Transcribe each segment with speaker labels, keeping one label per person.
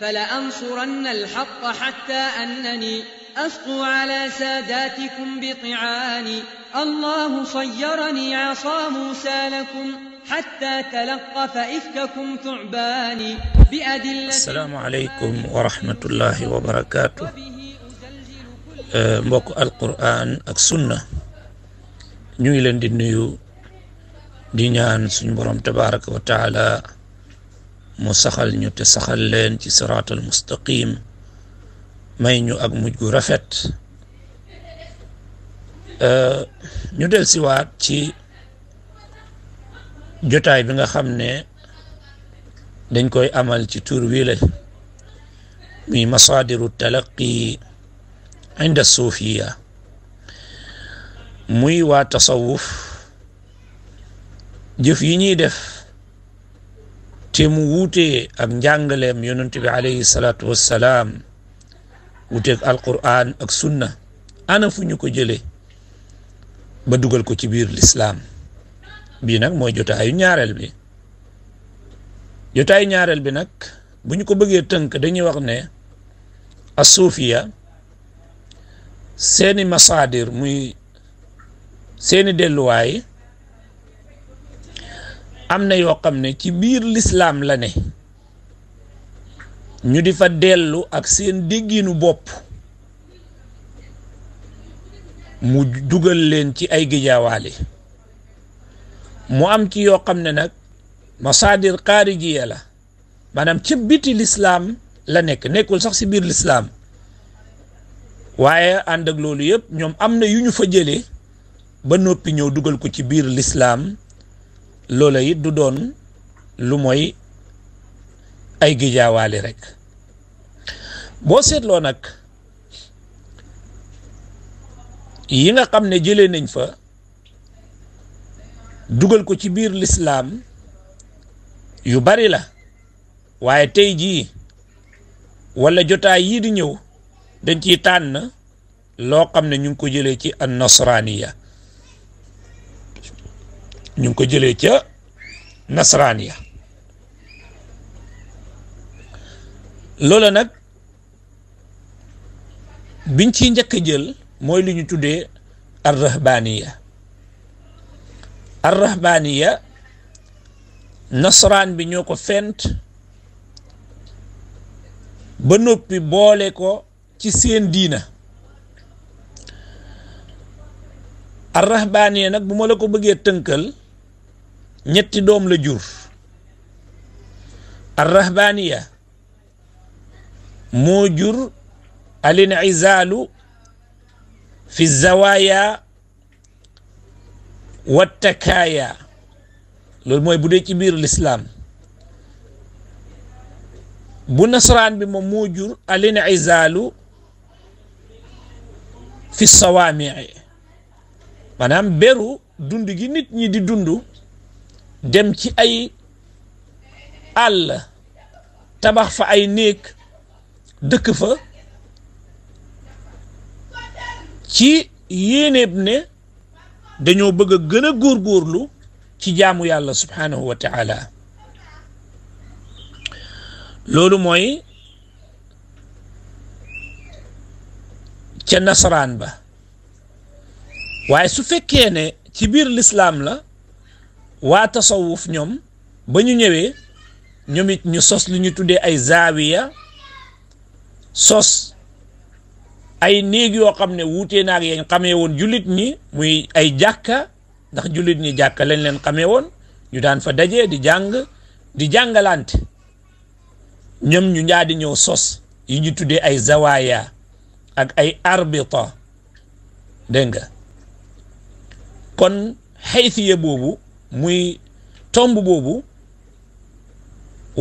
Speaker 1: فلأنصرن الحق حتى أنني أسقو على ساداتكم بطعاني الله صيرني عصا موسى لكم حتى تلقف إفككم ثعباني بأدلة السلام عليكم ورحمة الله وبركاته mbokk أه، القرآن ak sunna ñu نيو leen سنبرم تبارك وتعالى mu saxal ñu te saxal leen ci siraatal mustaqim may ñu ak mujj gu rafet ñu del siwaat ci jotaay bi nga xam ne dañ koy amal ci tur wi la muy masaadiru talaqi inda suufiya muy waa tasawuf jëf yi ñuy def te mu wuutee ak njàngaleem yonent bi alayhi salaatu wassalaam wuuteeg alquran ak sunna ana fu ñu ko jële ba dugal ko ci biir lislaam bii nag mooy jotaayu ñaareel bi jotaayu ñaareel bi nag bu ñu ko bëggee tënk dañuy wax ne asuufiya seeni masaadir muy seeni delluwaay amna yo xamne ci bir l'islam la ne ñu di fa dellu ak seen dégginu bop mu duggal len ci ay gijaawale mu am ci yo xamne nak masadir masaadir la manam ci biti l'islam la nek nekul sax ci bir l'islam waye and ak lolu yeb ñom amna yu ñu fa jele ba nopi ñew dugal ko ci bir l'islam loola it du doon lu mooy ay gijaawaali rek boo seetloo nag yi nga xam ne jële nañ fa dugal ko ci biir lislaam yu bari la waaye tey jii wala jotaay yii di ñëw dañ ciy tànn loo xam ne ñu ngi ko jëlee ci an nasraaniya ñu ngi ko jëlee ca nasaraan ya loola nag biñ ci njëkk a jël mooy li ñu tuddee arrahbaniya arrahbaniya nasaraan bi ñoo ko fent ba noppi boole ko ci seen diina arrahbaniya nag bu ma la ko bëggee tënkal ñetti doom la jur arrahbaniya moo jur alinizaalu fi zawaaya wa takaaya loolu mooy bu dee ci biir lislaam bu nasaraan bi moom moo jur alinizaalu fi sawaamii maanaam beru dund gi nit ñi di dundu dem ci ay àll tabax fa ay néeg dëkk fa ci yéenéeb ne dañoo bëgg a gën a góor góorlu ci jaamu yàlla subhaanahu wa taala loolu mooy ca nasaraan ba waaye su fekkee ne ci biir lislaam la waa tasawuf ñoom ba ñu ñëwee ñoomit ñu sos lu ñu tuddee ay zaawiya sos ay néeg yoo xam ne wuutee naag yañ xamee woon jullit ñi muy ay jàkka ndax jullit ñi jàkka lañ leen xamee woon ñu daan fa dajee di jàng di jàngalante ñoom ñu ndaa di ñëw sos yi ñu tuddee ay zawaaya ak ay arbita dégg nga kon xaysiya boobu muy tomb boobu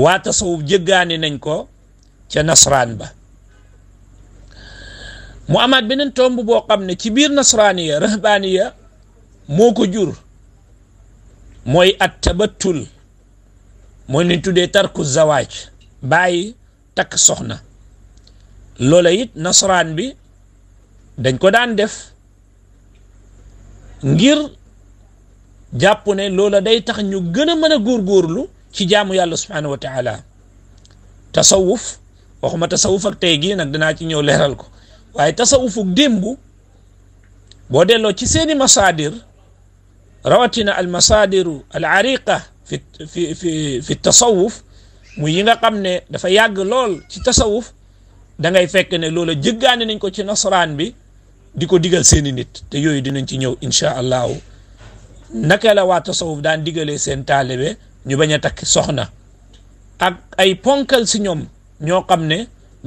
Speaker 1: waa tasawuf jëggaani nañ ko ca nasraan ba mu amaat beneen tomb boo xam ne ci biir nasraaniya rahbaaniya moo ko jur mooy at tabattul mooy li ñu tuddee tarku zawaaj bàyyi takk soxna loola it nasraan bi dañ ko daan def ngir jàpp ne loola day tax ñu gën a mën a góorgóorlu ci jaamu yàlla subhanahu wa taala tasawuf waxuma tasawuf tey gii nag danaa ci ñëw leeral ko waaye tasawufuk démb boo delloo ci seeni masaadir rawatina al masaadiru al ariqa fi fi fi fi tasawuf mu yi nga xam ne dafa yàgg lool ci tasawuf dangay ngay fekk ne loola jëggaane nañ ko ci nasaraan bi di ko digal seeni nit te yooyu dinañ ci ñëw incha allahu naka la waa tasawuf daan digalee seen taalibe ñu bañ a takk soxna ak ay ponkal si ñoom ñoo xam ne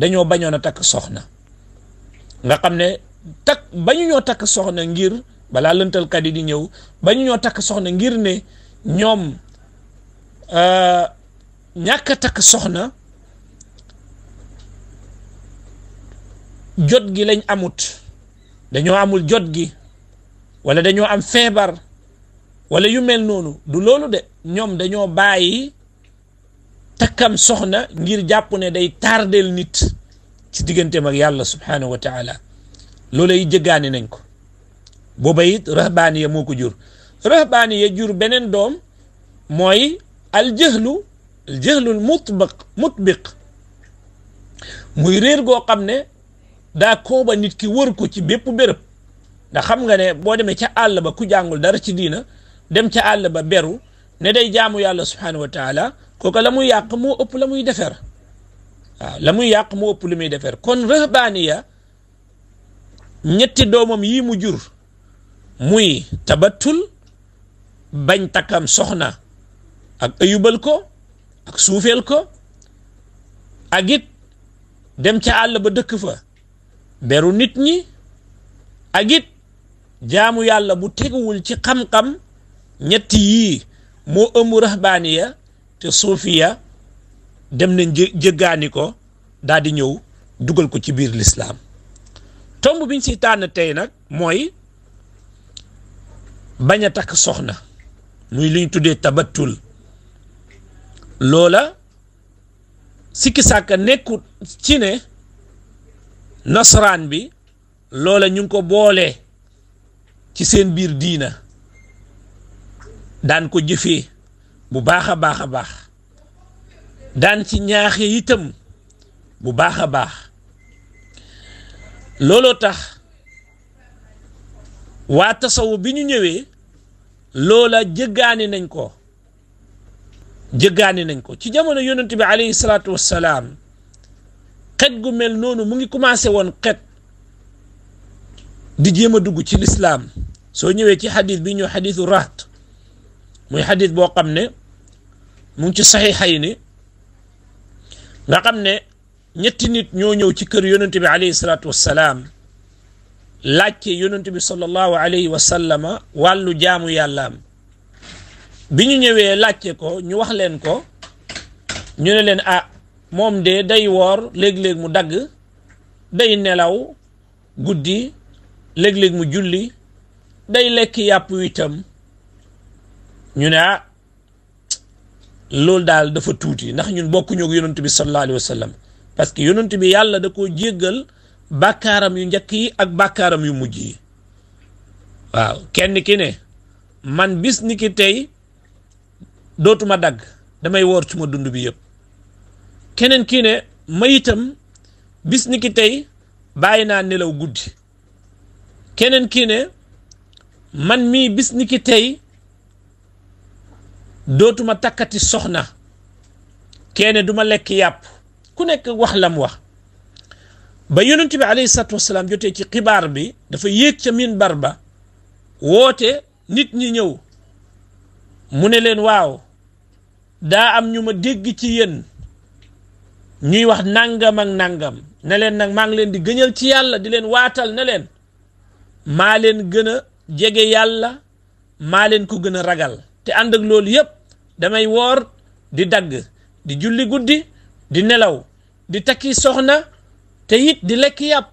Speaker 1: dañoo bañoon a takk soxna nga xam ne takk ñoo takk soxna ngir balaa lëntalkat yi di ñëw bañu ñoo takk soxna ngir ne ñoom euh, ñàkk a takk soxna jot gi lañ amut dañoo amul jot gi wala dañoo am feebar wala yu mel noonu du loolu de ñoom dañoo bàyyi takkam soxna ngir jàpp ne day taar del nit ci digganteem ak yàlla subhanahu wa taala loola yi jëggaani nañ ko booba it rahbaaniya moo ko jur rahbaaniya jur beneen doom mooy aljëhlu aljëhlul mutbaq mutbiq muy réer goo xam ne daa kooba nit ki wër ko ci bépp béréb ndax xam nga ne boo demee ca àll ba ku jàngul dara ci diina dem ca àll ba beru ne day jaamu yàlla subhanahu wa taala kooka la muy yàq moo ëpp la muy defar waaw la muy yàq moo ëpp lu muy defar kon rëhbaaniya ñetti doomam yi mu jur muy tabatul bañ takkam soxna ak ayubal ko ak suufeel ko ak it dem ca àll ba dëkk fa beru nit ñi ak jamu jaamu yàlla bu teguwul ci xam-xam ñett yii moo ëmb rahbaaniya te suufiya dem nañ jëggaani ko daal ñëw dugal ko ci biir lislaam tomb biñ si tànn tey nag mooy bañ a takk soxna muy liñ tuddee tabatul loola sikki sàkka nekkut ci ne nasaraan bi loola ñu ngi ko boolee ci seen biir diina daan ko jëfee bu baax a baax a baax daan ci ñaaxee itam bu baax a baax looloo tax waa tasawu bi ñu ñëwee loola jëggaani nañ ko jëggaani nañ ko ci jamono yonent bi alayhi salaatu salaam ket gu mel noonu mu ngi commencé woon ket di jéem a dugg ci lislaam soo ñëwee ci xadis bi ñëw xadisu raat muy xadis boo xam ne mu ci saxiixay ni nga xam ne ñetti nit ñoo ñëw ci kër yonent bi alayhi salaatu wassalaam laajte yonent bi sallallahu alayhi wa sallama wàllu jaamu yàllaam bi ñu ñëwee laajte ko ñu wax leen ko ñu ne leen a ah, moom de day woor léeg-léeg mu dagg day nelaw guddi léeg-léeg mu julli day lekk yàpp witam ñu ne ah loolu daal dafa tuuti ndax ñun bokkuñu ak yonent bi sallallahu alayhi wa sallam parce que yonent bi yàlla da koo jéggal bàkkaaram yu njëkk yi ak bàkkaaram yu mujj yi waaw kenn ki ne man bis ni tey dootuma dagg damay woor suma dund bi yëpp keneen ki ne ma itam bis ni ki tey bàyyi naa nelaw guddi keneen ki ne man mii bis ni ki tey dootuma takkati soxna keene duma lekk yàpp ku nekk wax lam wax ba yonent bi alayhi salaatu jotee ci xibaar bi dafa yéeg ca minbar ba woote nit ñi ñëw mu ne leen waaw daa am ñu ma dégg ci yéen ñuy wax nangam ak nangam ne leen nag maa ngi leen di gëñal ci yàlla di leen waatal ne leen maa leen gën a jege yàlla maa leen ko gën a ragal te ànd loolu yépp damay woor di dagg di julli guddi di nelaw di takki soxna te it di lekk yàpp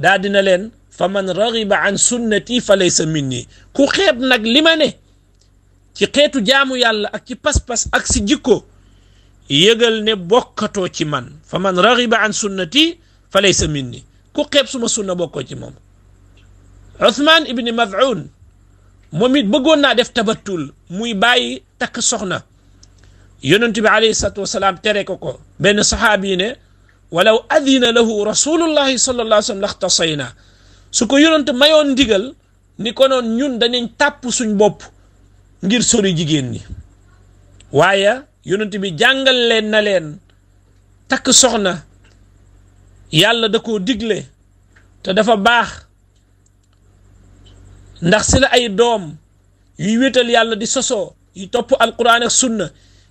Speaker 1: daa dina leen fa man raxiba an sunnati fa laysa minni ku xeeb nag li ma ne ci xeetu jaamu yàlla ak ci pas-pas ak ci jikko yëgal ne bokkatoo ci man fa man raxiba an sunnati fa laysa minni ku xeeb suma sunna bokko ci moom Uthman ibni Maz'un moom it bëggoon naa def tabatul muy bàyyi takk soxna yonent bi alayhi salatu wasalaam tere ko ko ben sahabi ne walaw adina lahu rasulullah sallallahu alayhi wasallam laxtasayna su ko yonent mayon digal ni ko non ñun danañ tap suñ bop ngir sori jigen ñi waya yonent bi jàngal len na len takk soxna yàlla da ko digle te dafa bax ndax sila ay dom yuy wétal yàlla di soso yu topp alquran ak sunna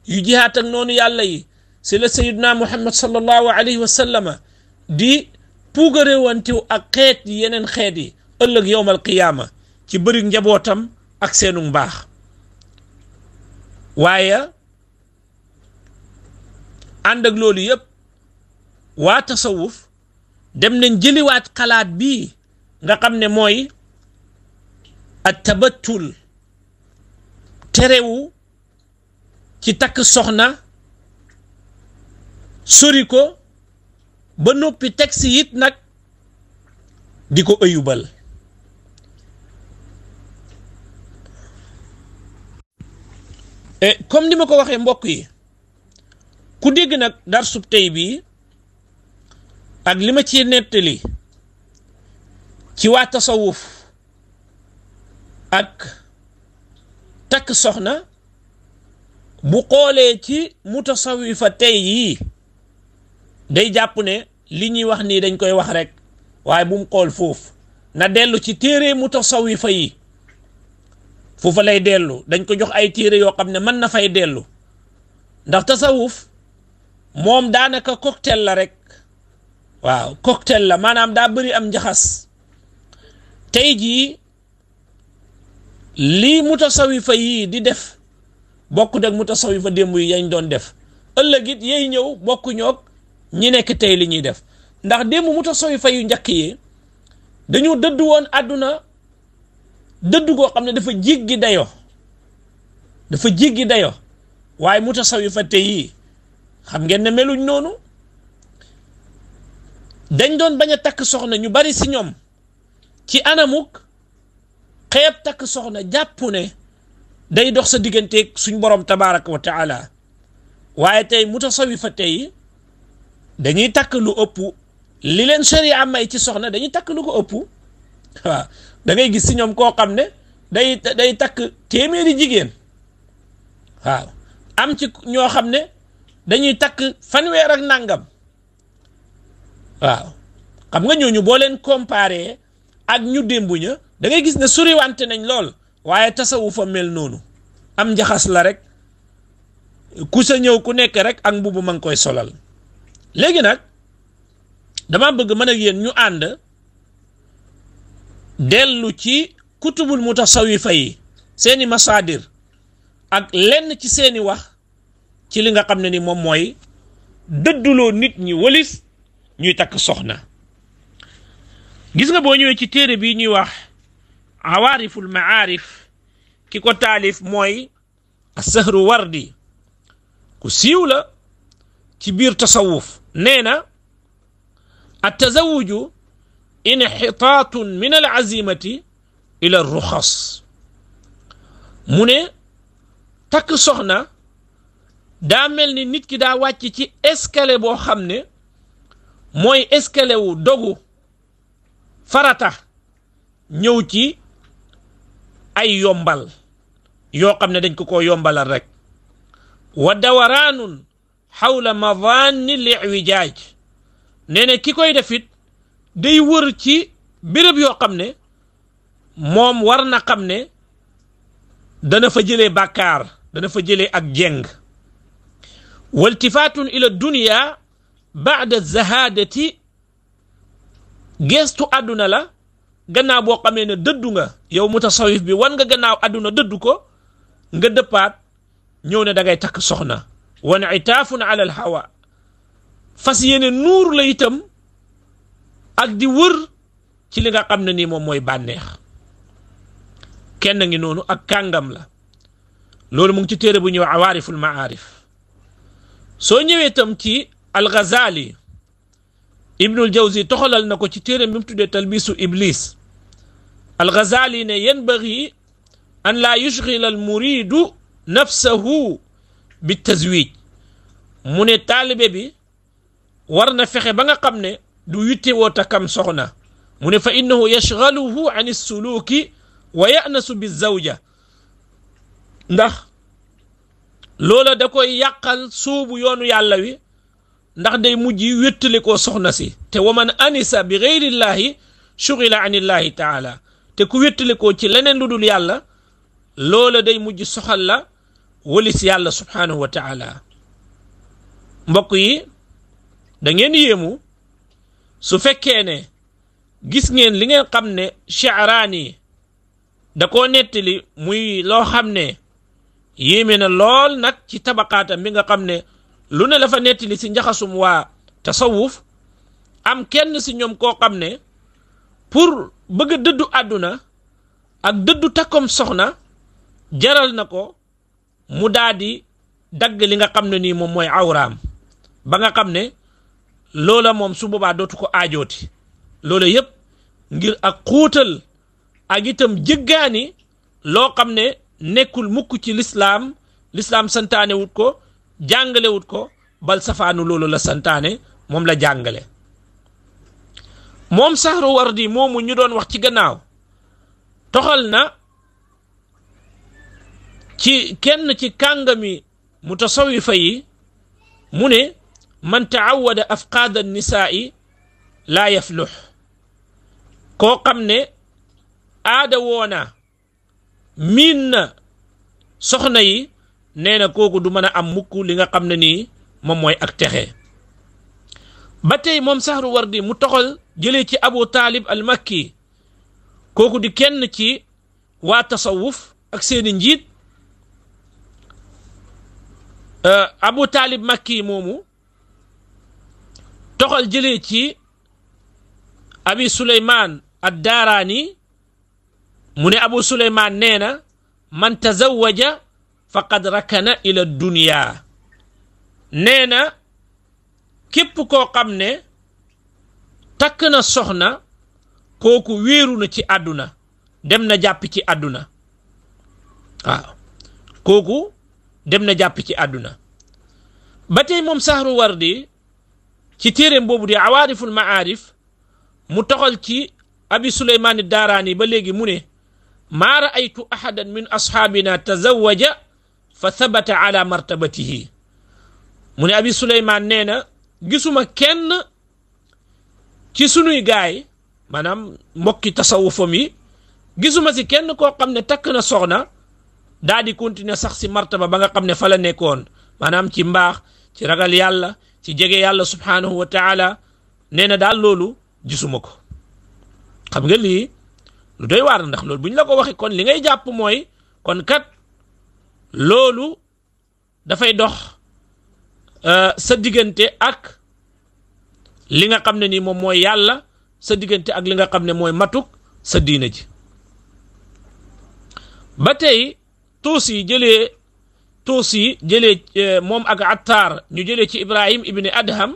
Speaker 1: yu jihaat ak noonu yàlla yi si la sayiduna muhammad sallallahu alayhi wa sallama di puugaréewantiw ak xeet yi yeneen xeet yi ëllëg yowmal qiyaama ci bëri njabootam ak seenu mbaax waaye ànd ak loolu yëpp waa tasawuf dem nañ jëliwaat xalaat bii nga xam ne mooy at tabattul terewu ci takk soxna sori ko ba noppi teg si it nag di ko ëyubal e, comme ni ma ko waxee mbokk yi ku dégg nag dar sub tey bii ak li ma ci nettali ci waa tasawuf ak takk soxna bu xoolee ci mutasawifa tey yii day jàpp ne li ñuy wax nii dañ koy wax rek waaye bu mu xool foofu na dellu ci téere mutasawifa yi foofa lay dellu dañ ko jox ay téere yoo xam ne mën na fay dellu ndax tasawuf moom daanaka cocktail la rek waaw cocktail la maanaam daa bëri am njaxas tey jii lii fa yii di def bokkut ak fa démb yi yañ doon def ëllëg it yey ñëw bokkuñook ñoog ñi nekk tey li ñuy def ndax démb fa yu njëkk yi dañu dëdd woon àdduna dëdd goo xam ne dafa jéggi dayo dafa jéggi dayo waaye fa tey yii xam ngeen ne meluñ noonu dañ doon bañ a takk soxna ñu bari si ñoom ci anamuk xeeb tak soxna jàpp ne day dox sa digganteeg suñ borom tabaraka wa taala waaye tey mutasawifa tey dañuy takk lu ëpp li leen sharia may ci soxna dañuy takk lu ko ëpp waaw da ngay gis si ñoom koo xam ne day day takk téeméeri jigéen waaw am ci ñoo xam ne dañuy takk fanweer ak nangam waaw xam nga ñooñu boo leen comparer ak ñu démb dangay gis ne suriwante nañ lool waaye tasawu tasawufa mel noonu am njaxas la rek ku sa ñëw ku nekk rek ak mbubb ma ngi koy solal léegi nag dama bëgg mën a yéen ñu ànd dellu ci kutubul mutasawifa yi seeni masaadir ak lenn ci seeni wax ci li nga xam ne ni moom mooy dëdduloo nit ñi walis ñuy takk soxna gis nga boo ñëwee ci téere bi ñuy wax عوارف المعارف كيكو تالف موي السهر وردي wardi كبير تصوف نينا التزوج انحطاط من العزيمة إلى الرخص من تك سخنا دا ملني نيت كي دا واتي تي اسكالي بو خامني موي اسكالي و دوغو فراتا نيو ay yombal yoo xam ne dañ ko koo yombalal rek wa dawaraanun xawla madaani li iwijaaj nee ne ki koy defit day wër ci béréb yoo xam ne moom war na xam ne dana fa jëlee bàkkaar dana fa jëlee ak jeng wal waltifaatun ila dunya baada zahadati gestu àdduna la gannaaw boo xamee ne dëddu nga yow mutasawif bi wan nga gannaaw àdduna dëddu ko nga dëppaat ñëw ne da takk soxna wan itaafun ala al hawa fas yéene nuur la itam ak di wër ci li nga xam ne nii moom mooy bànneex kenn ngi noonu ak kàngam la loolu mu ngi ci téere bu ñëw awaariful maarif soo ñëwee itam ci al-Ghazali ibnul jawzi toxalal na ko ci téeram bi mu tuddee talbisu iblis alxazali ne yanbagi an laa yushgila al muridu nafsahu bi tazwij mu ne taalibe bi war na fexe ba nga xam ne du yittewoo takam soxna mu ne fa innahu yashgaluhu an suluki wa yanasu bi zawja ndax loola da koy yàqal suubu yoonu yàlla wi ndax day mujj wéttale ko soxna si te waman anisa bi xeyrillaahi shugila anillaahi taala te ku wéttale koo ci leneen lu dul yàlla loola day mujj soxal la yàlla subhaanahu wa taala mbokk yi da ngeen yéemu su fekkee ne gis ngeen li ngeen xam ne Sha'raani da ko nettali muy loo xam ne yéeme na lool nag ci tabaqaatam bi nga xam ne lu ne la fa si njaxasum waa tasawuf am kenn si ñoom koo xam ne pour bëgg dëddu àdduna ak dëddu takkom soxna jaral na ko mu daa di dagg li nga xam ne nii moom mooy awraam ba nga xam ne loola moom su boobaa dootu ko aajooti loola yëpp ngir ak xuutal ak itam jëggaani loo xam ne nekkul mukk ci lislaam lislaam santaane wut ko jàngalewut ko bal safaanu loolu la santaane moom la jàngale moom saxru wardi moom ñu doon wax ci gannaaw toxal na ci kenn ci kàngami mutasawifa yi mu ne man taawada afqaada nisaa'i laa yaflux koo xam ne aada woona miin na soxna yi nee na kooku du mën a am mukku li nga xam ne nii moom mooy ak texe ba tey moom saxru wardi mu toxal jëlee ci abu taalib al makki kooku di kenn ci waa tasawuf ak seeni njiit euh, abu taalib makki moomu toxal jëlee ci abi suleymaan ad daaraani mu ne abu suleymaan nee na man tazawaja faqad rakana ila dunia nee na képp koo xam ne takk na soxna kooku wéeru na ci àdduna dem na jàpp ci àdduna waaw dem na jàpp ci àdduna ba tey moom Sahru Wardi ci téeréem boobu di awaariful maarif mu toxal ci abi suleymaani daaraani ba léegi mu ne maa raaytu ahadan min asxaabina tazawaja fa thabata ala martabatihi muni abi suleyman neena gisuma kenn ci sunuy gaay manam mbokki tasawufami gisuma si kenn ko xamne tak na soxna daa di continuer sax ci martaba ba nga xamne fa la nekkon manam ci mbax ci ragal yalla ci jege yalla subhanahu wa taala neena dal lolu loolu gisuma ko xam nga li lu doy war ndax lolu buñ la ko waxe kon li ngay japp moy kon kat loolu dafay dox euh, sa diggante ak li nga xam ne nii moom mooy yàlla sa diggante ak li nga xam ne mooy matuk sa diina ji ba tey tuus yi jëlee tuus yi jëlee euh, moom ak attaar ñu jëlee ci ibrahim ibni adham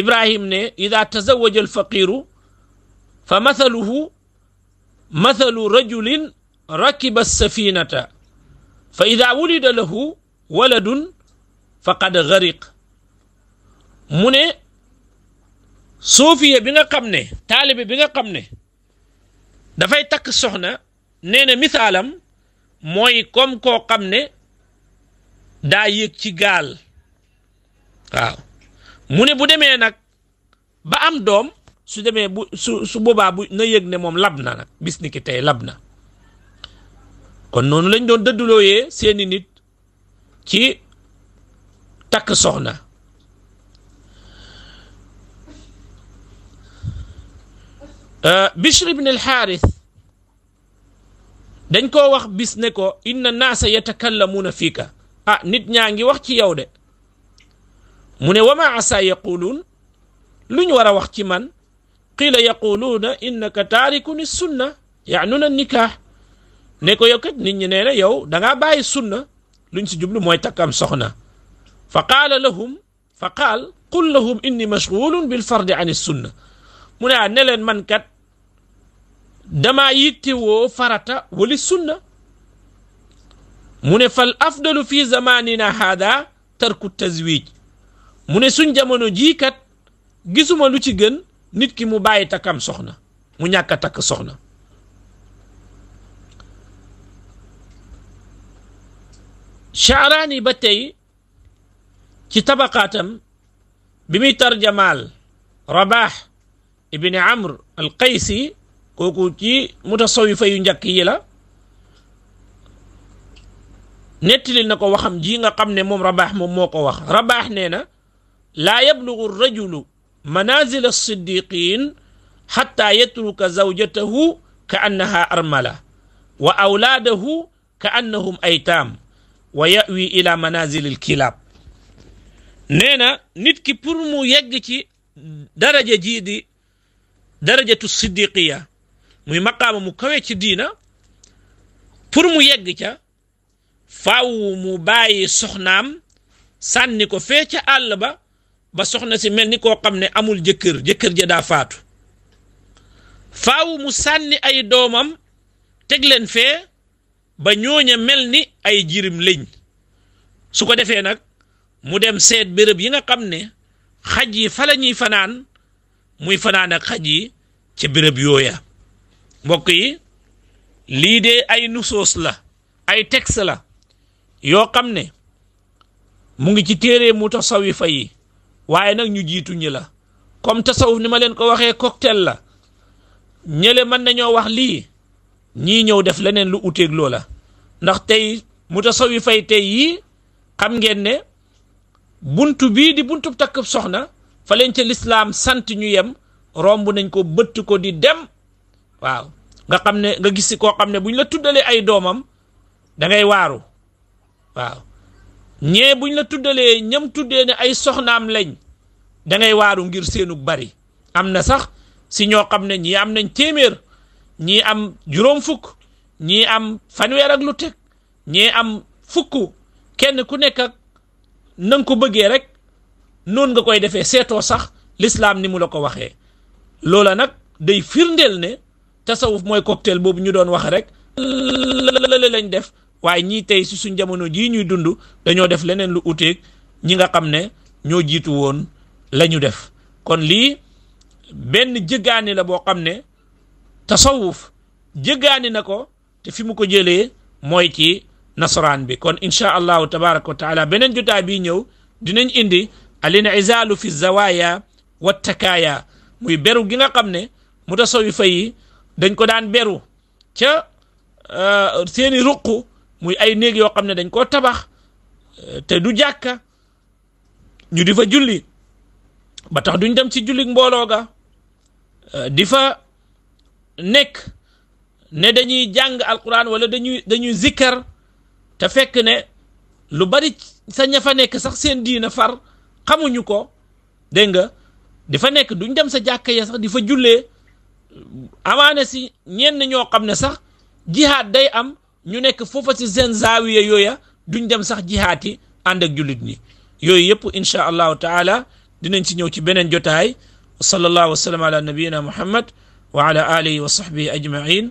Speaker 1: ibrahim ne ida tazawaja alfaqiru fa mathaluhu mathalu rajulin rakiba safinata fa ida wulida lahu waladun faqad gariq mu ne suufiya bi nga xam ne taalibe bi nga xam ne dafay takk soxna nee na misaalam mooy comme koo xam ne daa yëg ci gaal waaw mu ne bu demee nag ba am doom su demee bu su su boobaa bu na yëg ne moom lab na nag bis ni lab na kon noonu lañ doon dëddulooyee seeni nit ci takk soxna euh, Bishr ibn al-Xaaris dañ koo wax bis ne ko inna naasa yatakallamuuna fiika ah nit ñaa ngi wax ci yow de mu ne wama asa yaquluun lu ñu war a wax ci man qiila yaquluuna innaka taarikun sunna yaanuna nikaax ne ko yow kat nit ñi nee na yow danga ngaa bàyyi sunna luñ si jublu mooy takkam soxna fa qaala lahum fa qaal qul lahum inni mashgulun bil fardi an sunna mu ne ah ne leen man kat damaa yittewoo farata wali sunna mu ne fal afdalu fi zamanina haada tarku tazwij mu ne suñ jamono jii kat gisuma lu ci gën nit ki mu bàyyi takkam soxna mu ñàkk a soxna شعراني بتي كتبقاتم بميتر جمال رباح ابن عمرو القيسي كوكوكي متصوفة ينجاكي يلا نتلي نكو وخم جينا قمنا موم رباح موم موكو وخ رباح نينا لا يبلغ الرجل منازل الصديقين حتى يترك زوجته كأنها أرملة وأولاده كأنهم أيتام wa yawi ila manazilil kilaab nee na nit ki pour mu yegg ci daraja jii di darajatu siddiqiya muy maqaama mu kawe ci diina pour mu yegg ca faaw mu bàyyi soxnaam sànni ko fee ca àll ba ba soxna si mel ni koo xam ne amul jëkkër jëkkër ja daa faatu faaw mu sànni ay doomam teg leen fee ba ñooña mel ni ay jirim lañ su ko defee nag mu dem seet béréb yi nga xam ne xaj yi fala la ñuy fanaan muy fanaan ak xaj yi ca béréb yooya mbokk yi lii de ay nusoos la ay texte la yoo xam ne mu ngi ci téere mu tasawifa yi waaye nag ñu jiitu ñi la comme tasawuf ni ma leen ko waxee cocktail la ñële mën nañoo wax lii ñii ñëw def leneen lu uteeg loola ndax tey mutasawi fay tey yii xam ngeen ne bunt bii di buntub takk soxna fa leen ca lislaam sant ñu yem romb nañ ko bëtt ko di dem waaw nga xam ne nga gis koo xam ne buñ la tuddalee ay doomam da waaru waaw ñee buñ la tuddalee ñam tuddee ne ay soxnaam lañ dangay waaru ngir seenu bari am na sax si ñoo xam ne ñii am nañ téeméer ñii am juróom fukk ñii am fanweer ak lu teg ñii am fukk kenn ku nekk ak ko bëggee rek noonu nga koy defee seetoo sax lislaam ni mu la ko waxee loola nag day firndeel ne tasawuf mooy cocktail boobu ñu doon wax rek la lañ def waaye ñii tey si suñ jamono jii ñuy dund dañoo def leneen lu uteeg ñi nga xam ne ñoo jiitu woon la ñu def kon lii benn jëggaani la boo xam ne tasawuf jëggaani na ko te fi mu ko jëlee mooy ki nasoraan bi kon incha allahu tabaraka wa beneen jotaay bii ñëw dinañ indi alinizaalu fi zawaaya wa takaaya muy beru gi nga xam ne mutasawifa yi dañ ko daan beru ca euh, seeni ruq muy ay néeg yoo xam ne dañ koo tabax euh, te du jàkka ñu difa fa julli ba tax duñ dem ci jullik mbooloo ga euh, di fa nekk ne dañuy jàng alquran wala dañuy dañuy zikkar te fekk ne lu bari sa ña fa nekk sax seen diina far xamuñu ko dégg nga di fa nekk duñ dem sa jàkka sax di fa jullee amaane si ñenn ñoo xam ne sax jihaad day am ñu nekk foofa si seen zaawiya yooya duñ dem sax jihaat yi ànd ak jullit ñi yooyu yëpp incha allahu taala dinañ si ñëw ci beneen jotaay wa sallallahu wa sallam ala nabiyina muhammad wa ala alihi wa sahbihi ajmain